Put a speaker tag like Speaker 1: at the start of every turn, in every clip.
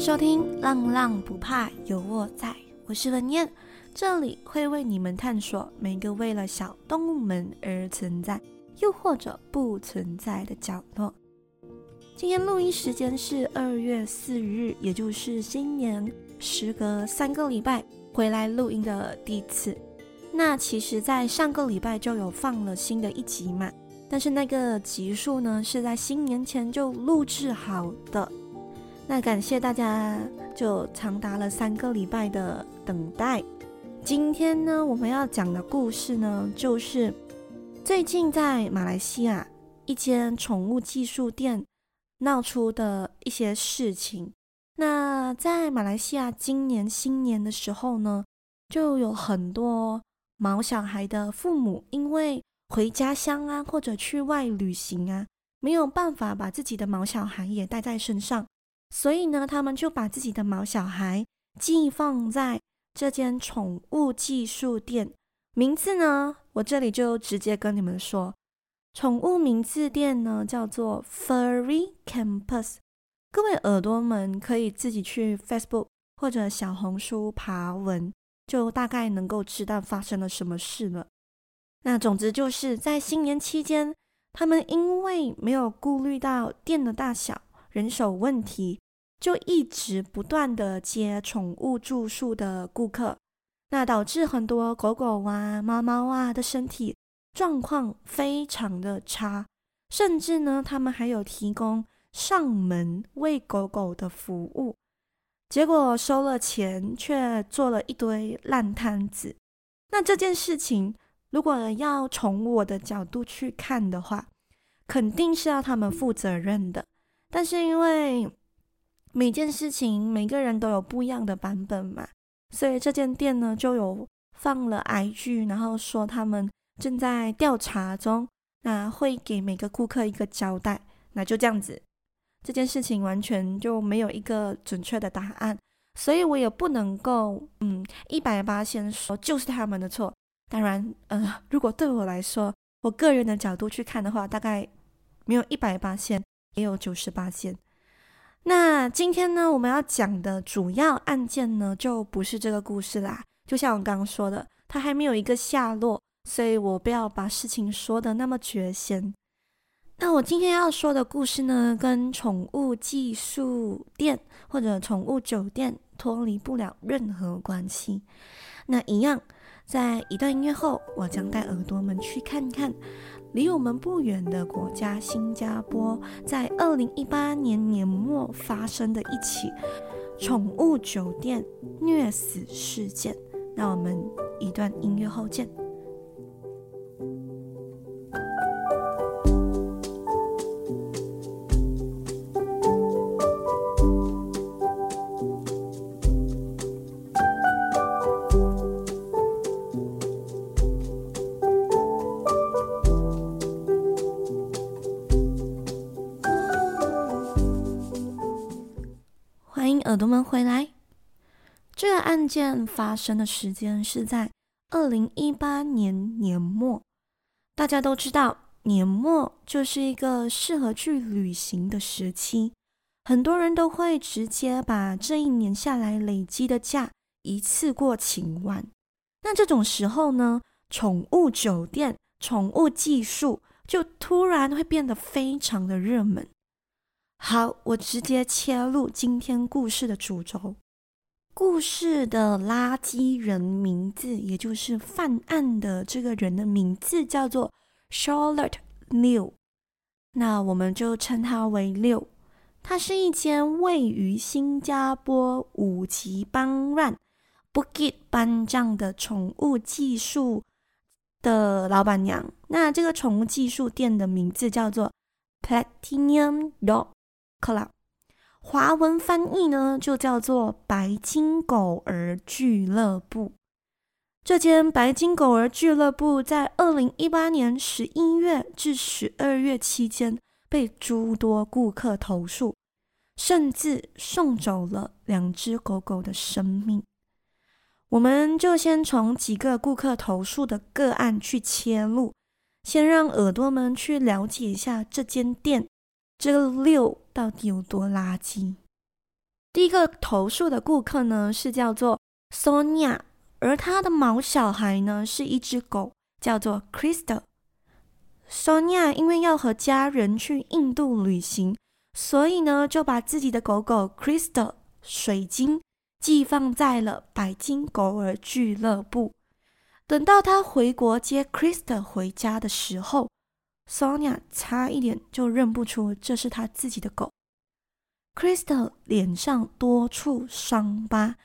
Speaker 1: 收聽浪浪不怕有我在，我是文燕，這裡會為你們探索每個為了小動物們而存在，又或者不存在的角落。今天錄音時間是二月四日，也就是新年，時隔三個禮拜回來錄音的第一次。那其實，在上個禮拜就有放了新的一集嘛，但是那個集數呢，是在新年前就錄制好的。那感謝大家，就長達了三個禮拜的等待。今天呢，我們要講的故事呢，就是最近在馬來西亞一間寵物寄宿店鬧出的一些事情。那在馬來西亞今年新年的時候呢，就有很多毛小孩的父母因為回家鄉啊，或者去外旅行啊，沒有辦法把自己的毛小孩也帶在身上。所以呢，他們就把自己的毛小孩寄放在這間寵物寄宿店。名字呢，我這裡就直接跟你們說，寵物名字店呢叫做 Furry Campus。各位耳朵們可以自己去 Facebook 或者小紅書爬文，就大概能夠知道發生了什麼事了。那總之就是在新年期間，他們因為沒有顧慮到店的大小。人手問題，就一直不斷的接寵物住宿的顧客，那導致很多狗狗啊、貓貓啊的身體狀況非常的差，甚至呢，他們還有提供上門餵狗狗的服務，結果收了錢卻做了一堆爛攤子。那這件事情，如果要從我的角度去看的話，肯定是要他們負責任的。但是因為每件事情每個人都有不一樣的版本嘛，所以這間店呢，就有放了 IG，然後說他們正在調查中，那會給每個顧客一個交代，那就這樣子，這件事情完全就沒有一個準確的答案，所以我也不能夠嗯100%說就是他們的錯，當然呃，如果對我來說，我個人的角度去看的話，大概沒有100%，也有九十八件。那今天呢，我們要講的主要案件呢，就不是這個故事啦。就像我剛剛說的，它還沒有一個下落，所以我不要把事情說得那麼絕仙。那我今天要說的故事呢，跟寵物寄宿店或者寵物酒店脫離不了任何關係。那一樣，在一段音樂後，我將帶耳朵們去看看。離我們不遠的國家新加坡，在二零一八年年末發生的一起寵物酒店虐死事件。那我們一段音樂後見。耳朵們回來，這個案件發生的時間是在二零一八年年末。大家都知道，年末就是一個適合去旅行的時期，很多人都會直接把這一年下來累積的假一次過請完。那這種時候呢，寵物酒店、寵物寄宿就突然會變得非常的熱門。好，我直接切入今天故事的主軸。故事的垃圾人名字，也就是犯案的這個人的名字，叫做 Charlotte 六。那我們就稱他為六。他是一間位於新加坡武吉班讓 b 給 k i t 班章的寵物技術的老闆娘。那這個寵物技術店的名字叫做 Platinum Dog 克拉，華文翻譯呢就叫做“白金狗兒俱樂部”。這間“白金狗兒俱樂部”在二零一八年十一月至十二月期間，被諸多顧客投訴，甚至送走了兩隻狗狗的生命。我們就先從幾個顧客投訴的個案去切入，先讓耳朵們去了解一下這間店。這個六，到底有多垃圾？第一個投訴的顧客呢是叫做 Sonia，而他的毛小孩呢是一隻狗，叫做 Crystal。Sonia 因為要和家人去印度旅行，所以呢就把自己的狗狗 Crystal 水晶寄放在了白金狗兒俱樂部。等到他回國接 Crystal 回家的時候，Sonia 差一點就認不出這是她自己的狗。Christopher 臉上多處傷疤，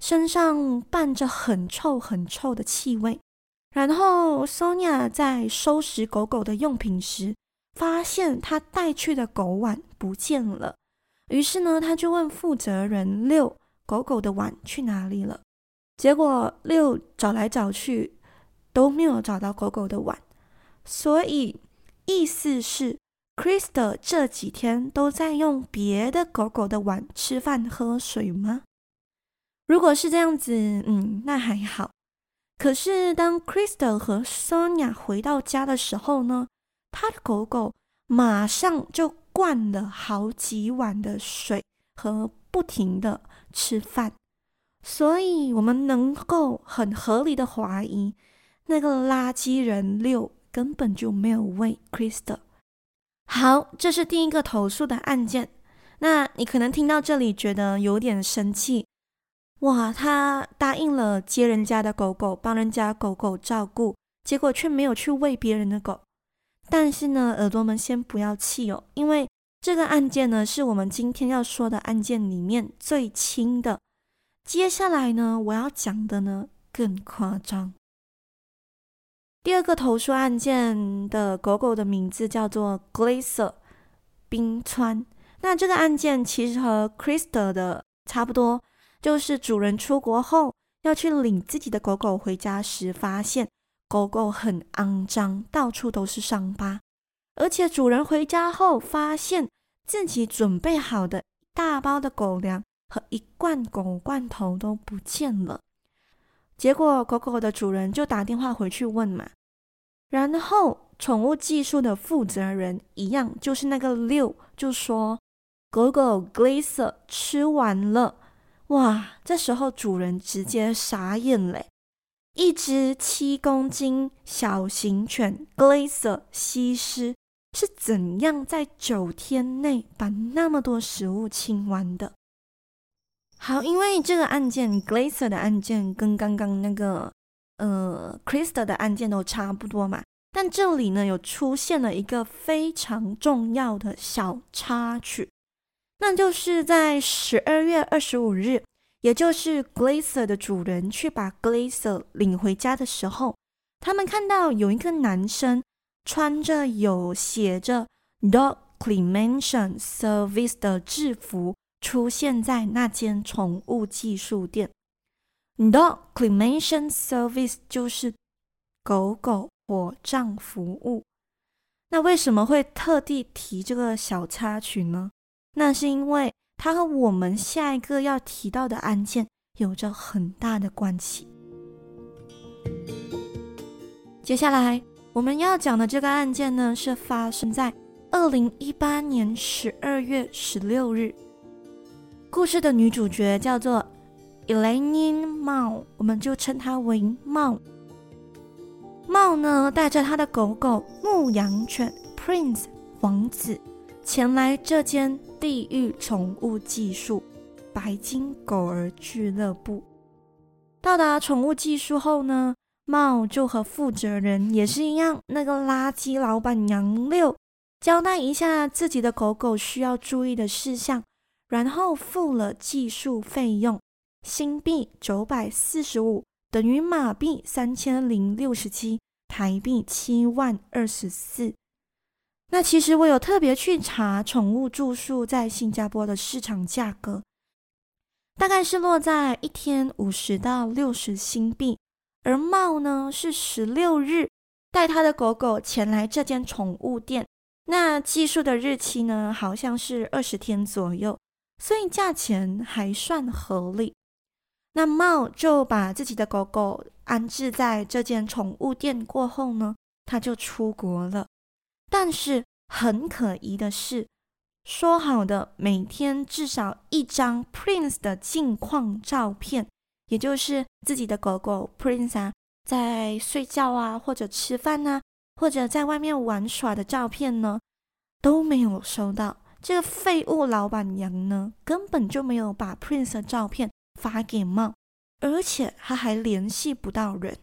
Speaker 1: 身上伴着很臭很臭的氣味。然後 Sonia 在收拾狗狗的用品時，發現她帶去的狗碗不見了。於是呢，她就問負責人六：“狗狗的碗去哪裡了？”結果六找來找去都沒有找到狗狗的碗，所以。意思是，Christa 這幾天都在用別的狗狗的碗吃飯喝水嗎？如果是這樣子，嗯，那還好。可是當 Christa 和 Sonia 回到家的時候呢，他的狗狗馬上就灌了好幾碗的水和不停的吃飯，所以我們能夠很合理的懷疑那個垃圾人六。根本就沒有餵 Crystal。好，這是第一個投訴的案件。那你可能聽到這裡覺得有點生氣，哇，他答應了接人家的狗狗，幫人家狗狗照顧，結果却沒有去餵別人的狗。但是呢，耳朵們先不要氣哦，因為這個案件呢，是我們今天要說的案件裡面最輕的。接下來呢，我要講的呢，更誇張。第二個投訴案件的狗狗的名字叫做 Glacier 冰川。那這個案件其實和 Crystal 的差不多，就是主人出國後要去領自己的狗狗回家時，發現狗狗很骯髒，到處都是傷疤，而且主人回家後發現自己準備好的一大包的狗糧和一罐狗罐頭都不見了。結果狗狗的主人就打電話回去問嘛，然後寵物寄宿的負責人一樣，就是那個六就說狗狗 Glaser 吃完了，哇！這時候主人直接傻眼嘞，一只七公斤小型犬 Glaser 西施是怎樣在九天內把那麼多食物清完的？好，因為這個案件，Glaser 的案件跟剛剛那個，呃 Crista 的案件都差不多嘛。但這裡呢，有出現了一個非常重要的小插曲，那就是在十二月二十五日，也就是 Glaser 的主人去把 Glaser 領回家的時候，他們看到有一個男生穿着有寫着 Dog Cremation Service 的制服。出現在那間寵物寄宿店，Dog cremation service 就是狗狗火葬服務。那為什麼會特地提這個小插曲呢？那是因為它和我們下一個要提到的案件有着很大的關係。接下來我們要講的這個案件呢，是發生在二零一八年十二月十六日。故事的女主角叫做 Elaine Mao，我們就稱她為 Mao，Mao 茂呢帶着她的狗狗牧羊犬 Prince 王子前來這間地獄寵物寄宿，白金狗兒俱樂部。到達寵物寄宿後呢，茂就和負責人也是一樣，那個垃圾老板娘六交代一下自己的狗狗需要注意的事項。然後付了寄宿費用，新幣九百四十五等於馬幣三千零六十七，台幣七萬二十四。那其實我有特別去查寵物住宿在新加坡的市場價格，大概是落在一天五十到六十新幣。而茂呢是十六日帶他的狗狗前來這間寵物店，那寄宿的日期呢好像是二十天左右。所以價錢還算合理。那茂就把自己的狗狗安置在這間寵物店過後呢，他就出國了。但是很可疑的是，說好的每天至少一張 Prince 的近況照片，也就是自己的狗狗 Prince 啊，在睡覺啊，或者吃飯吶啊，或者在外面玩耍的照片呢，都沒有收到。這個廢物老闆娘呢，根本就沒有把 Prince 的照片發給茂，而且她還聯繫不到人。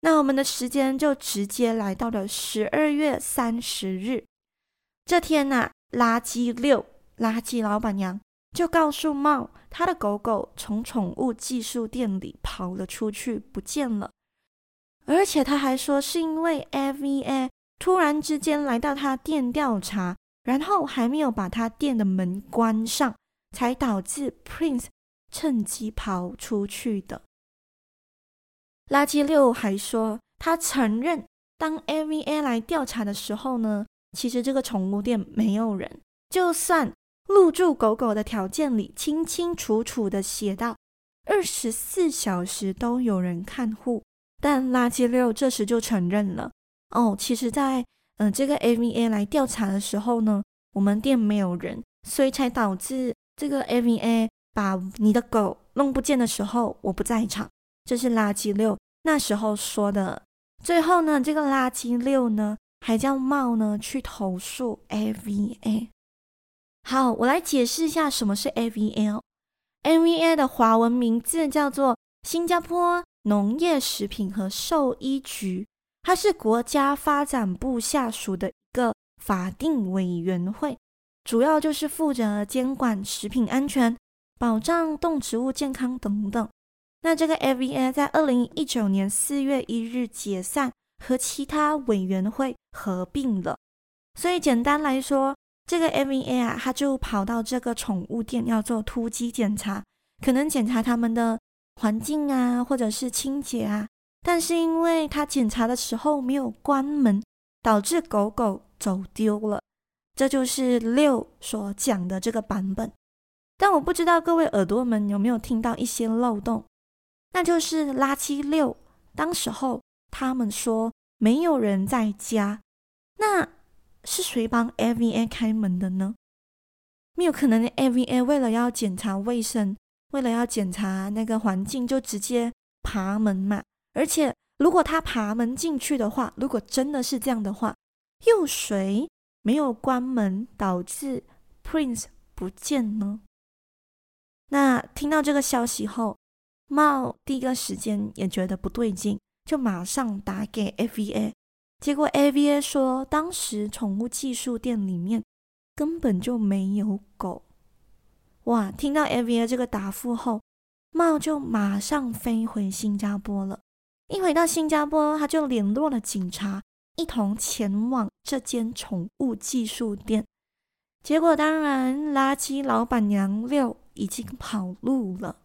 Speaker 1: 那我們的時間就直接來到了十二月三十日。這天吶、啊，垃圾六垃圾老闆娘就告訴茂，她的狗狗從寵物寄宿店裡跑了出去，不見了。而且她還說，是因為 AVA 突然之間來到她店調查。然後還沒有把他店的門關上，才導致 Prince 趁機跑出去的。垃圾六還說，他承認，當 AVA 來調查的時候呢，其實這個寵物店沒有人。就算入住狗狗的條件裡清清楚楚地寫到二十四小時都有人看護，但垃圾六這時就承認了。哦，其實，在嗯、呃，這個 A V A 來調查的時候呢，我們店沒有人，所以才導致這個 A V A 把你的狗弄不見的時候，我不在場，這是垃圾六那時候說的。最後呢，這個垃圾六呢，還叫貓呢去投訴 A V A。好，我來解釋一下什麼是 A V A。A V A 的華文名字叫做新加坡農業食品和獸醫局。它是國家發展部下屬的一個法定委員會，主要就是負責監管食品安全、保障動植物健康等等。那這個 AVA 在二零一九年四月一日解散，和其他委員會合併了。所以簡單來說，這個 AVA 啊，它就跑到這個寵物店要做突擊檢查，可能檢查他們的環境啊，或者是清潔啊。但是因為他檢查的時候沒有關門，導致狗狗走丟了。這就是六所講的這個版本。但我不知道各位耳朵們有沒有聽到一些漏洞，那就是垃圾六，當時候他們說沒有人在家，那是誰幫 Ava 開門的呢？沒有可能的，Ava 為了要檢查衛生，為了要檢查那個環境，就直接爬門嘛。而且，如果他爬門進去的話，如果真的是這樣的話，又誰沒有關門導致 Prince 不見呢？那聽到這個消息後，茂第一個時間也覺得不對勁，就馬上打給 FVA。結果 FVA 說，當時寵物寄宿店裡面根本就沒有狗。哇！聽到 FVA 這個答覆後，茂就馬上飛回新加坡了。一回到新加坡，他就聯絡了警察，一同前往這間寵物寄宿店。結果當然，垃圾老闆娘六已經跑路了。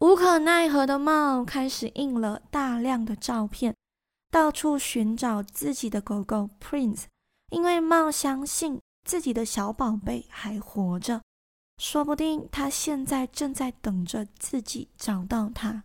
Speaker 1: 無可奈何的茂開始印了大量的照片，到處尋找自己的狗狗 Prince，因為茂相信自己的小寶貝還活着，說不定他現在正在等着自己找到他。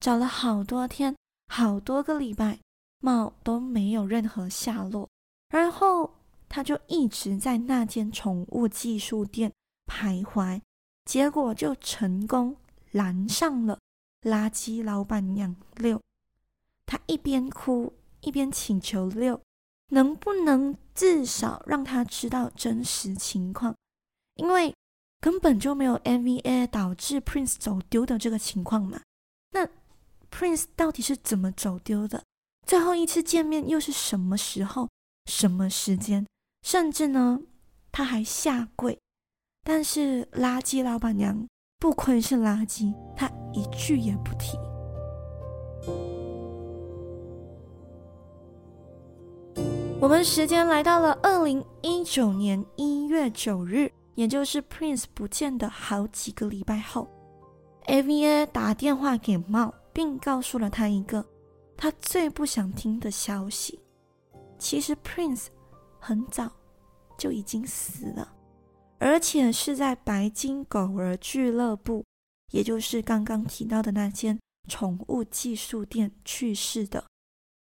Speaker 1: 找了好多天，好多個禮拜，貓都沒有任何下落。然後他就一直在那間寵物寄宿店徘徊，結果就成功攔上了垃圾老板娘六。他一邊哭一邊請求六，能不能至少讓他知道真實情況？因為根本就沒有 MVA 導致 Prince 走丟的這個情況嘛。那，Prince 到底是怎麼走丟的？最後一次見面又是什麼時候、什麼時間？甚至呢，他還下跪，但是垃圾老板娘不愧是垃圾，他一句也不提。我們時間來到了二零一九年一月九日，也就是 Prince 不見的好幾個禮拜後，AVA 打電話給貓，並告訴了他一個他最不想聽的消息，其實 Prince 很早就已經死了，而且是在白金狗兒俱樂部，也就是剛剛提到的那間寵物寄宿店去世的。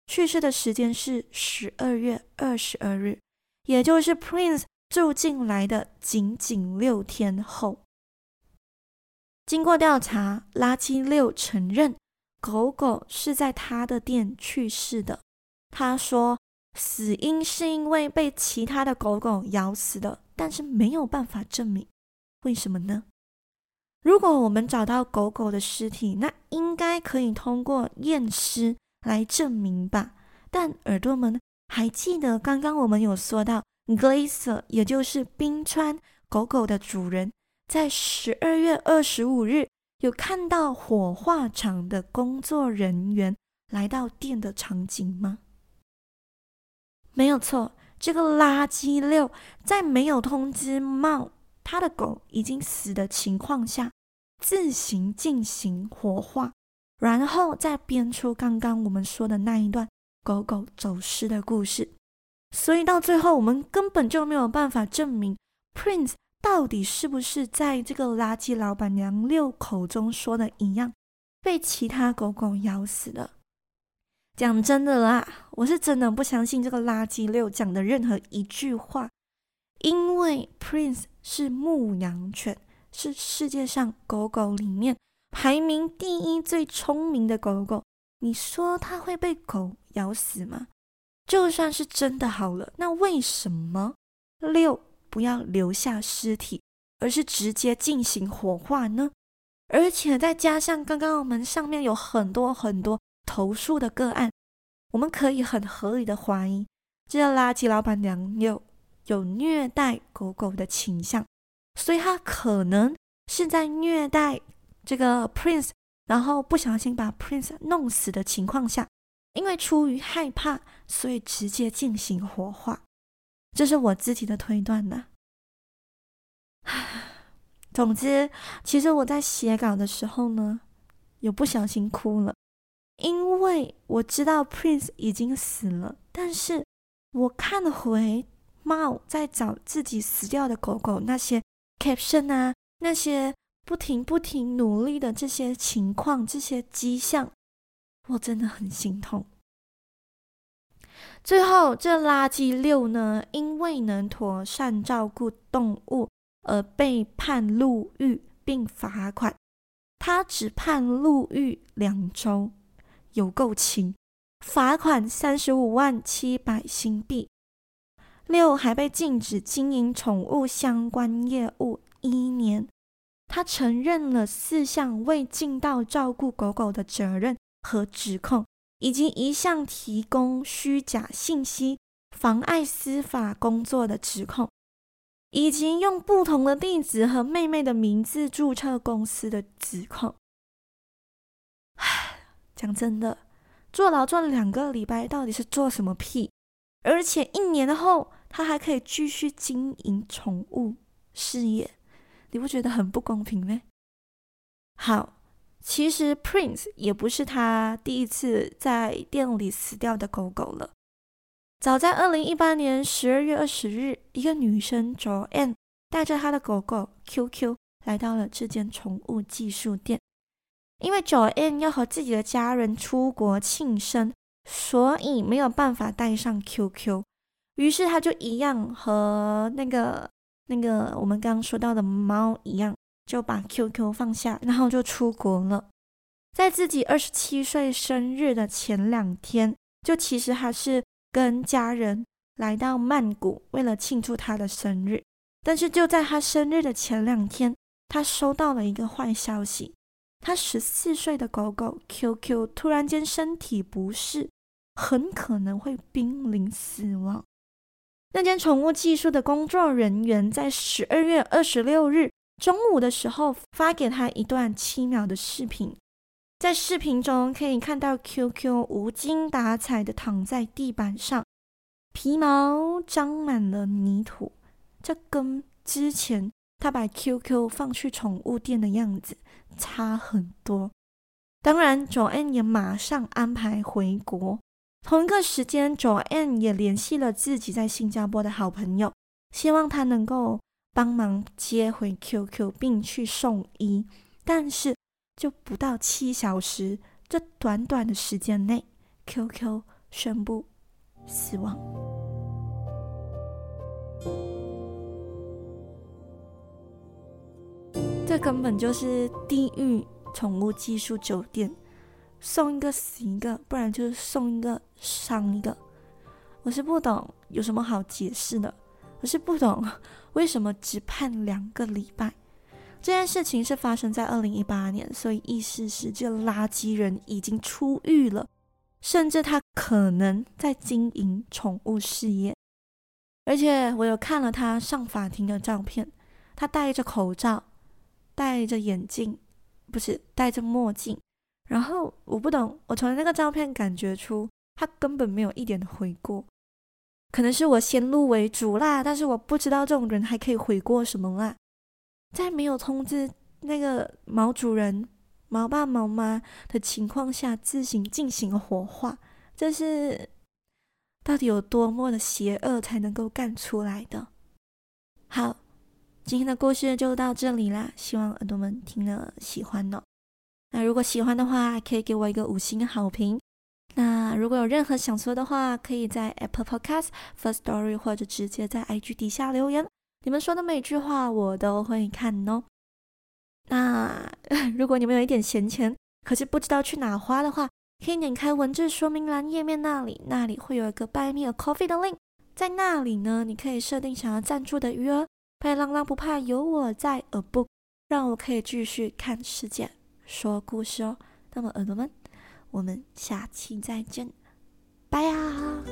Speaker 1: 去世的時間是十二月二十二日，也就是 Prince 住進來的僅僅六天後。經過調查，垃圾六承認。狗狗是在他的店去世的，他說死因是因為被其他的狗狗咬死的，但是沒有辦法證明，為什麼呢？如果我們找到狗狗的屍體，那應該可以通過驗屍來證明吧。但耳朵們還記得剛剛我們有說到，Glaser，也就是冰川狗狗的主人，在十二月二十五日。有看到火化場的工作人員來到店的場景嗎？沒有錯，這個垃圾六在沒有通知貓他的狗已經死的情況下，自行進行火化，然後再編出剛剛我們說的那一段狗狗走失的故事。所以到最後，我們根本就沒有辦法證明 Prince。到底是不是在這個垃圾老闆娘六口中說的一樣，被其他狗狗咬死了？講真的啦，我是真的不相信這個垃圾六講的任何一句話，因為 Prince 是牧羊犬，是世界上狗狗裡面排名第一最聰明的狗狗，你說它會被狗咬死嗎？就算是真的好了，那為什麼六？不要留下屍體，而是直接進行火化呢？而且再加上剛剛我們上面有很多很多投訴的個案，我們可以很合理的懷疑這個垃圾老闆娘有有虐待狗狗的傾向，所以她可能是在虐待這個 Prince，然後不小心把 Prince 弄死的情況下，因為出於害怕，所以直接進行火化。這是我自己的推斷吶、啊。總之，其實我在寫稿的時候呢，有不小心哭了，因為我知道 Prince 已經死了。但是我看回 Mao 在找自己死掉的狗狗，那些 caption 啊，那些不停不停努力的這些情況，這些跡象，我真的很心痛。最後，這垃圾六呢，因未能妥善照顧動物而被判入獄並罰款。他只判入獄兩周，有夠輕。罰款三十五萬七百新幣。六還被禁止經營寵物相關業務一年。他承認了四項未盡到照顧狗狗的責任和指控。以及一向提供虛假信息、妨礙司法工作的指控，以及用不同的地址和妹妹的名字註冊公司的指控。唉，講真的，坐牢坐了兩個禮拜到底是做什麼屁？而且一年後他還可以繼續經營寵物事業，你不覺得很不公平嗎？好。其實 Prince 也不是他第一次在店裡死掉的狗狗了。早在二零一八年十二月二十日，一個女生 Joanne 帶着她的狗狗 QQ 來到了這間寵物寄宿店，因為 Joanne 要和自己的家人出國慶生，所以沒有辦法帶上 QQ，於是他就一樣和那個那個我們剛剛說到的貓一樣。就把 QQ 放下，然後就出國了。在自己二十七歲生日的前兩天，就其實還是跟家人來到曼谷，為了慶祝他的生日。但是就在他生日的前兩天，他收到了一個壞消息：他十四歲的狗狗 QQ 突然間身體不適，很可能會瀕臨死亡。那間寵物寄宿的工作人員在十二月二十六日。中午的時候發給他一段七秒的視頻，在視頻中可以看到 QQ 無精打采的躺在地板上，皮毛沾滿了泥土，這跟之前他把 QQ 放去寵物店的樣子差很多。當然，Joanne 也馬上安排回國。同一個時間，Joanne 也聯繫了自己在新加坡的好朋友，希望他能夠。幫忙接回 QQ 並去送醫，但是就不到七小時，這短短的時間內，QQ 宣布死亡。這根本就是地獄寵物寄宿酒店，送一個死一個，不然就是送一個傷一個。我是不懂，有什麼好解釋的？我是不懂為什麼只判兩個禮拜。這件事情是發生在二零一八年，所以意思是這垃圾人已經出獄了，甚至他可能在經營寵物事業。而且我有看了他上法庭的照片，他戴着口罩，戴着眼鏡，不是戴着墨鏡。然後我不懂，我從那個照片感覺出他根本沒有一點悔過。可能是我先入為主啦，但是我不知道這種人還可以悔過什麼啦，在沒有通知那個毛主人、毛爸、毛媽的情況下自行進行火化，這是到底有多麼的邪惡才能夠幹出來的？好，今天的故事就到這裡啦，希望耳朵們聽了喜歡哦。那如果喜歡的話，可以給我一個五星好評。那如果有任何想說的話，可以在 Apple Podcast、Firstory，或者直接在 IG 底下留言。你們說的每句話，我都會看哦。那如果你們有一點閒錢，可是不知道去哪花的話，可以點開文字說明欄頁面那裡，那裡會有一個 Buy Me a Coffee 的 link，在那裡呢，你可以設定想要贊助的餘額。被浪浪不怕，有我在，呃，不。讓我可以繼續看世界，說故事哦。那麼，耳朵們。我們下期再見，拜拜啊。